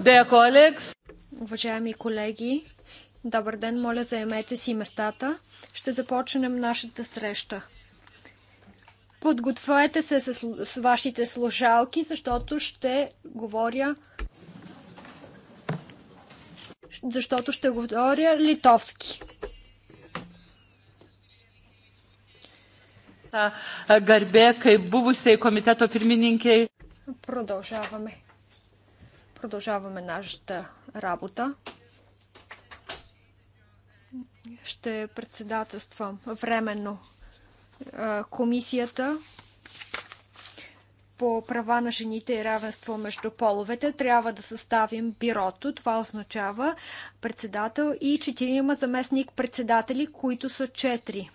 Dear colleagues. Уважаеми колеги, добър ден, моля заемете си местата. Ще започнем нашата среща. Подгответе се с, с вашите слушалки, защото ще говоря защото ще говоря литовски. ta garbė kaip buvusiai komiteto pirmininkiai. Продължаваме. Продължаваме нашата работа. Ще председателствам временно е, комисията по права на жените и равенство между половете трябва да съставим бюрото. Това означава председател и четирима заместник председатели, които са четири.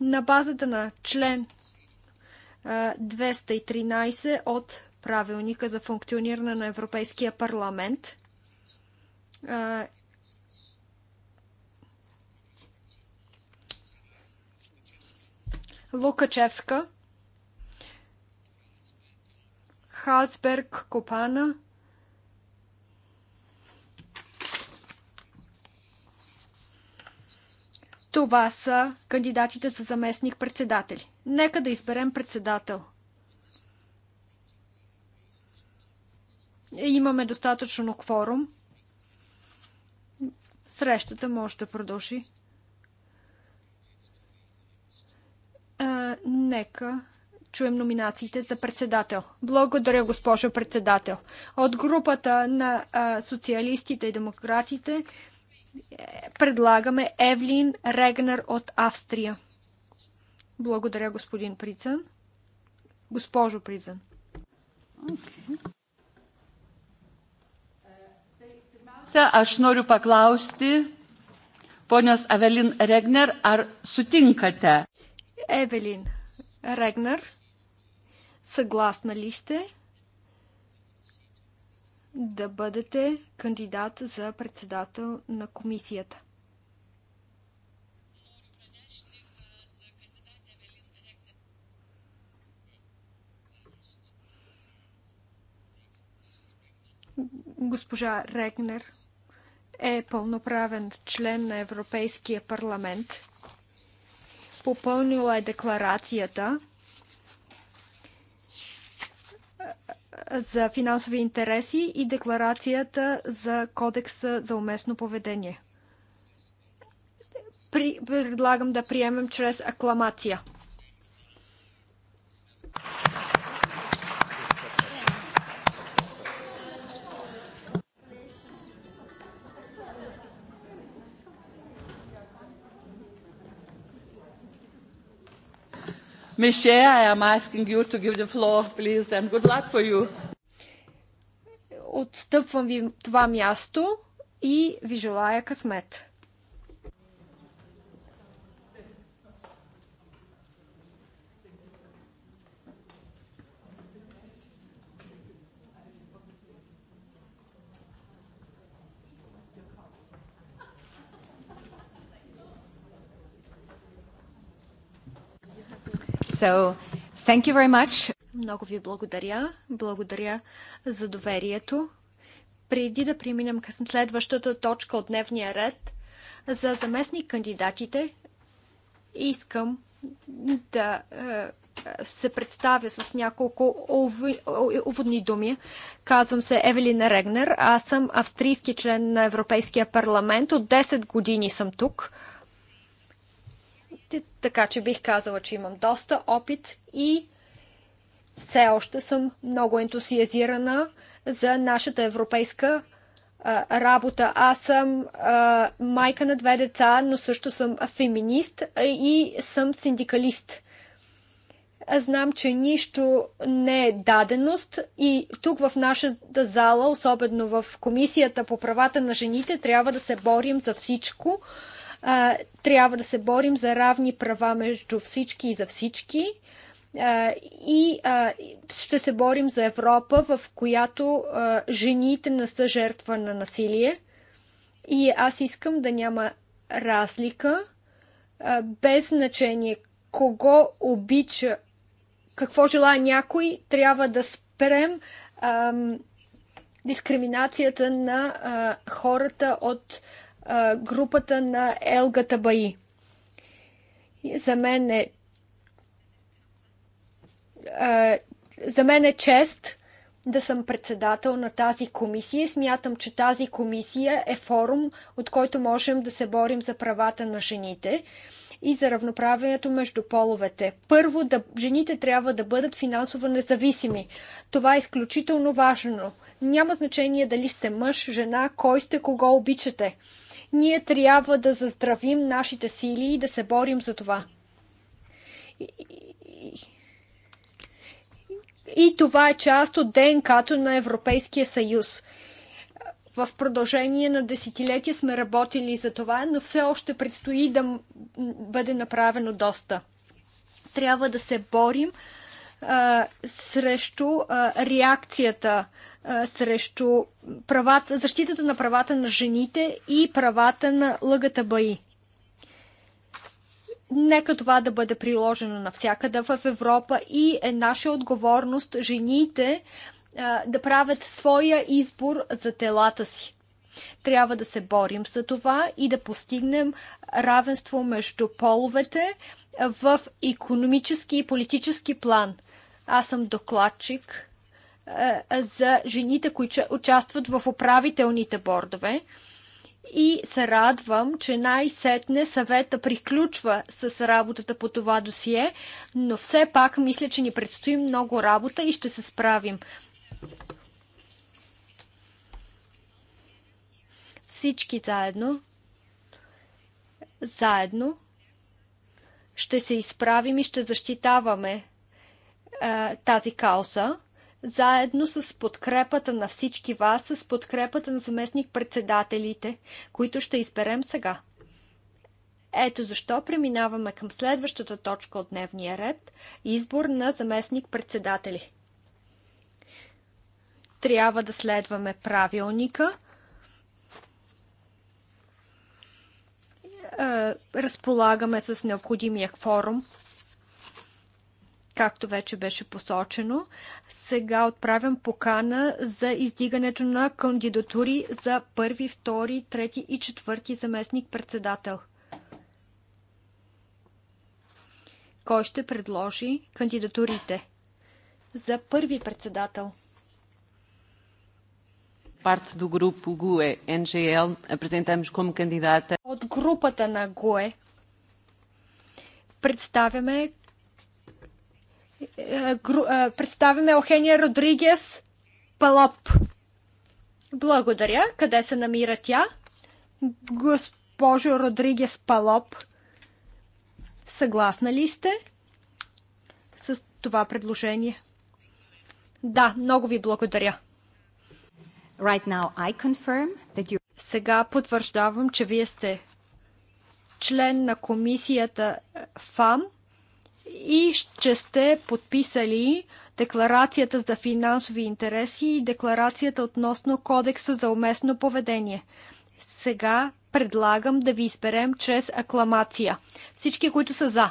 на базата на член 213 от правилника за функциониране на Европейския парламент. Лукачевска, Хасберг, Копана – Това са кандидатите за заместник председатели. Нека да изберем председател. Имаме достатъчно кворум. Срещата може да продължи. А, нека чуем номинациите за председател. Благодаря, госпожо председател. От групата на а, социалистите и демократите предлагаме Евлин Регнер от Австрия. Благодаря, господин Прицън. Госпожо Прицън. Okay. Pirmiausia, aš noriu paklausti, ponios Evelin Regner, ar sutinkate? съгласна ли сте? да бъдете кандидат за председател на комисията? Госпожа Регнер е пълноправен член на Европейския парламент. Попълнила е декларацията – за финансови интереси и декларацията за кодекса за уместно поведение. При, предлагам да приемем чрез акламация. Michelle, Chair, I am asking you to give the floor, please, and good luck for you. Отстъпвам ви това място и ви желая късмет. So, thank you very much. Много ви благодаря. Благодаря за доверието. Преди да преминем към следващата точка от дневния ред, за заместник кандидатите искам да е, се представя с няколко уводни думи. Казвам се Евелин Регнер. Аз съм австрийски член на Европейския парламент. От 10 години съм тук. Така че бих казала, че имам доста опит и все още съм много ентусиазирана за нашата европейска а, работа. Аз съм а, майка на две деца, но също съм феминист и съм синдикалист. знам, че нищо не е даденост и тук в нашата зала, особено в Комисията по правата на жените, трябва да се борим за всичко, а, трябва да се борим за равни права между всички и за всички. и ще се борим за Европа, в която жените не са жертва на насилие. И аз искам да няма разлика, без значение кого обича, какво желая някой, трябва да спрем дискриминацията на хората от а, групата на ЛГТБИ. За мен е а, за мен е чест да съм председател на тази комисия. Смятам, че тази комисия е форум, от който можем да се борим за правата на жените и за равноправенето между половете. Първо, да, жените трябва да бъдат финансово независими. Това е изключително важно. Няма значение дали сте мъж, жена, кой сте, кого обичате. Ние трябва да заздравим нашите сили и да се борим за това. И, и, и това е част от ДНК-то на Европейския съюз. В продължение на десетилетия сме работили за това, но все още предстои да бъде направено доста. Трябва да се борим срещу а, реакцията, а, срещу правата, защитата на правата на жените и правата на ЛГТБИ. Нека това да бъде приложено навсякъде в Европа и е наша отговорност жените а, да правят своя избор за телата си. Трябва да се борим за това и да постигнем равенство между половете в економически и политически план. Аз съм докладчик за жените, които участват в управителните бордове. И се радвам, че най-сетне съвета приключва с работата по това досие, но все пак мисля, че ни предстои много работа и ще се справим. Всички заедно, заедно ще се изправим и ще защитаваме е, тази кауса, заедно с подкрепата на всички вас, с подкрепата на заместник-председателите, които ще изберем сега. Ето защо преминаваме към следващата точка от дневния ред избор на заместник-председатели. Трябва да следваме правилника. Е, разполагаме с необходимия форум както вече беше посочено. Сега отправям покана за издигането на кандидатури за първи, втори, трети и четвърти заместник председател. Кой ще предложи кандидатурите? За първи председател. Parte do grupo GUE NGL apresentamos como кандидата. От групата на GUE представяме представяме Охения Родригес Палоп. Благодаря. Къде се намира тя? Госпожо Родригес Палоп, съгласна ли сте с това предложение? Да, много ви благодаря. Right now I confirm that you... Сега потвърждавам, че вие сте член на комисията ФАМ – и че сте подписали декларацията за финансови интереси и декларацията относно кодекса за уместно поведение. Сега предлагам да ви изберем чрез акламация. Всички, които са за.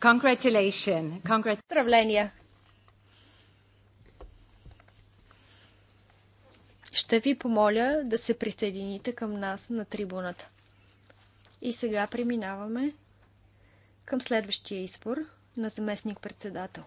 Congratulations. Congratulations. Поздравления. Ще ви помоля да се присъедините към нас на трибуната. И сега преминаваме към следващия избор на заместник-председател.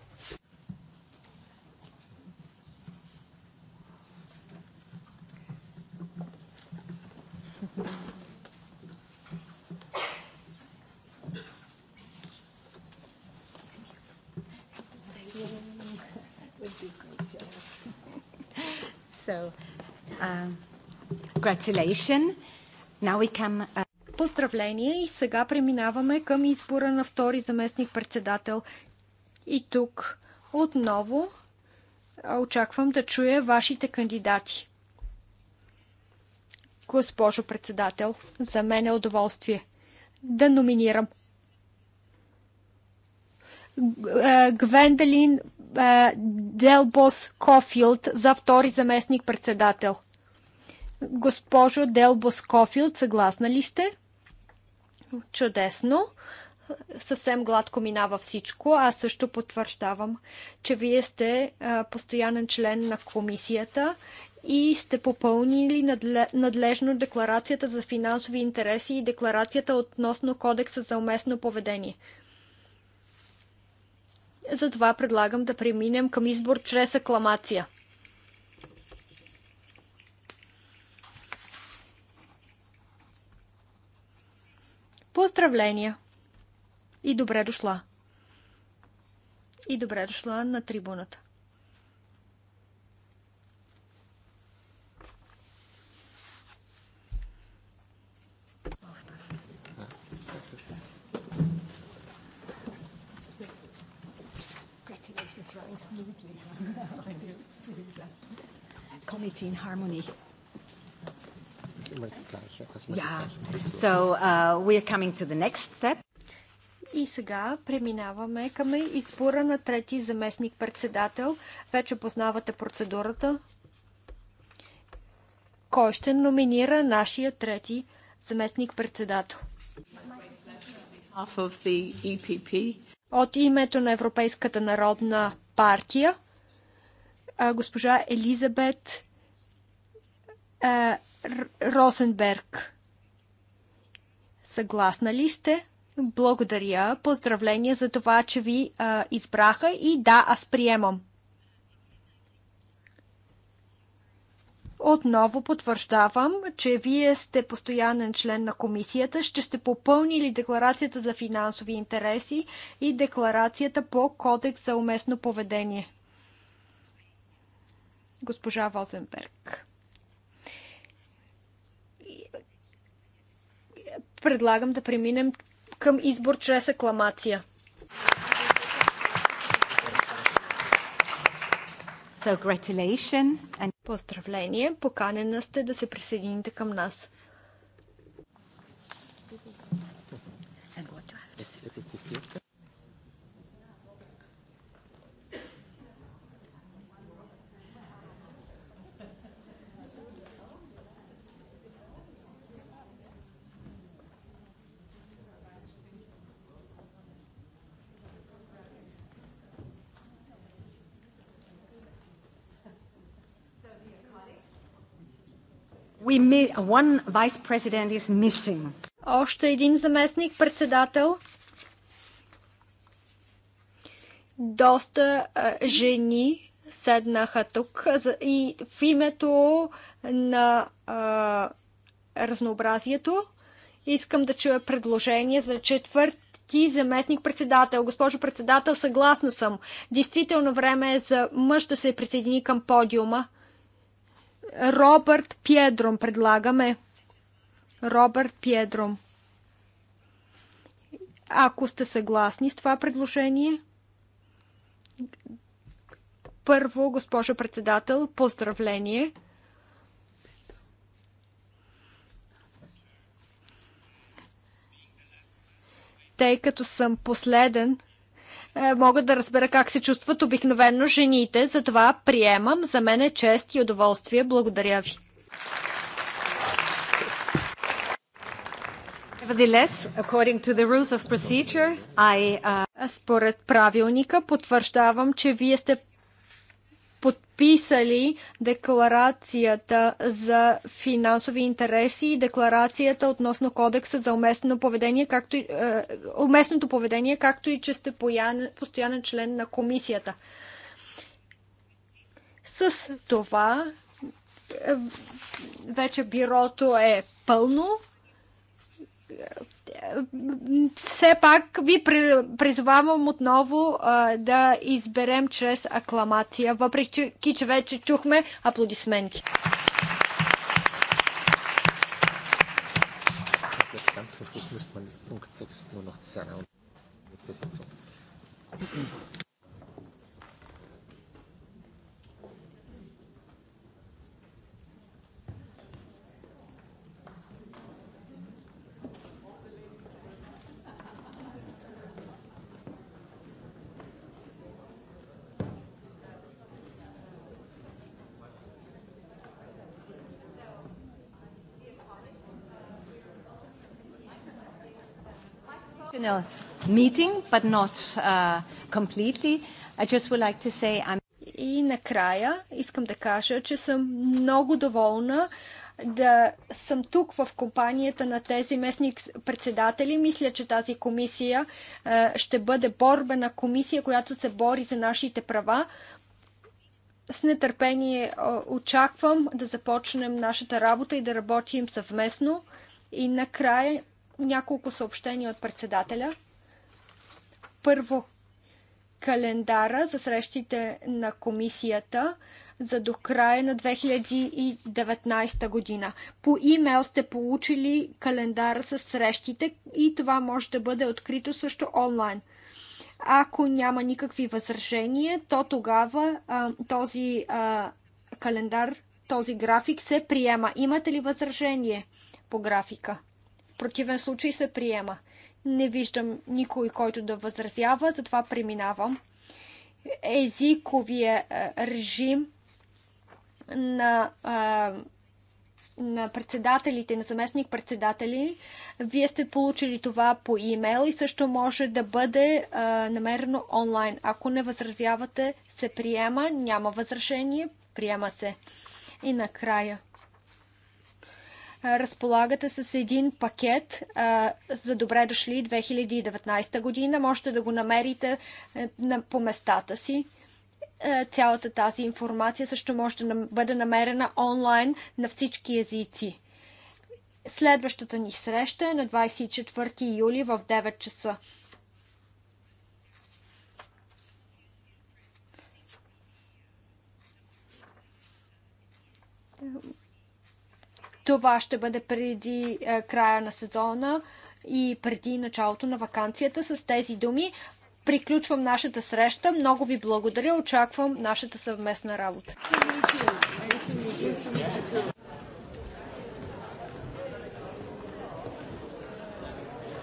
So Uh, Now we come... Uh, Поздравление и сега преминаваме към избора на втори заместник-председател. И тук отново очаквам да чуя вашите кандидати. Госпожо председател, за мен е удоволствие да номинирам Гвендалин Делбос Кофилд за втори заместник-председател. Госпожо Делбо Скофилд, съгласна ли сте? Чудесно. Съвсем гладко минава всичко. Аз също потвърждавам, че вие сте постоянен член на комисията и сте попълнили надлежно декларацията за финансови интереси и декларацията относно кодекса за уместно поведение. Затова предлагам да преминем към избор чрез акламация. Поздравления! И добре дошла! И добре дошла на трибуната. Committee in harmony. Uh, И сега преминаваме към избора на трети заместник председател. Вече познавате процедурата. Кой ще номинира нашия трети заместник председател? E От името на Европейската народна партия госпожа Елизабет Розенберг, Съгласна ли сте? Благодаря. Поздравления за това, че ви а, избраха и да, аз приемам. Отново потвърждавам, че вие сте постоянен член на комисията. Ще сте попълнили декларацията за финансови интереси и декларацията по кодекс за уместно поведение. Госпожа Возенберг. предлагам да преминем към избор чрез акламация. So, gratulation and... Поздравление! Поканена сте да се присъедините към нас. Още един заместник председател. Доста жени седнаха тук и в името на а, разнообразието искам да чуя предложение за четвърт заместник председател. Госпожо председател, съгласна съм. Действително време е за мъж да се присъедини към подиума. Робърт Пьедром предлагаме. Робърт Пьедром. Ако сте съгласни с това предложение, първо, госпожо председател, поздравление. Тъй като съм последен, е, мога да разбера как се чувстват обикновено жените. Затова приемам. За мен е чест и удоволствие. Благодаря ви. Uh, Според правилника потвърждавам, че вие сте подписали декларацията за финансови интереси и декларацията относно кодекса за уместно поведение, както, и, е, уместното поведение, както и че сте постоянен член на комисията. С това е, вече бюрото е пълно все пак ви призвавам отново а, да изберем чрез акламация, въпреки че, вече чухме аплодисменти. zum Schluss müsste man 6 noch das so. Uh, и накрая искам да кажа, че съм много доволна да съм тук в компанията на тези местни председатели. Мисля, че тази комисия е, ще бъде борбена комисия, която се бори за нашите права. С нетърпение е, очаквам да започнем нашата работа и да работим съвместно. И накрая няколко съобщения от председателя. Първо, календара за срещите на комисията за до края на 2019 година. По имейл сте получили календар с срещите и това може да бъде открито също онлайн. Ако няма никакви възражения, то тогава а, този а, календар, този график се приема. Имате ли възражение по графика? противен случай се приема. Не виждам никой, който да възразява, затова преминавам. Езиковия е, режим на, е, на председателите, на заместник-председатели. Вие сте получили това по имейл и също може да бъде е, намерено онлайн. Ако не възразявате, се приема, няма възражение, приема се. И накрая разполагате с един пакет за добре дошли 2019 година. Можете да го намерите е, по местата си. Е, цялата тази информация също може да бъде намерена онлайн на всички езици. Следващата ни среща е на 24 юли в 9 часа. Това ще бъде преди е, края на сезона и преди началото на вакансията. С тези думи приключвам нашата среща. Много ви благодаря. Очаквам нашата съвместна работа.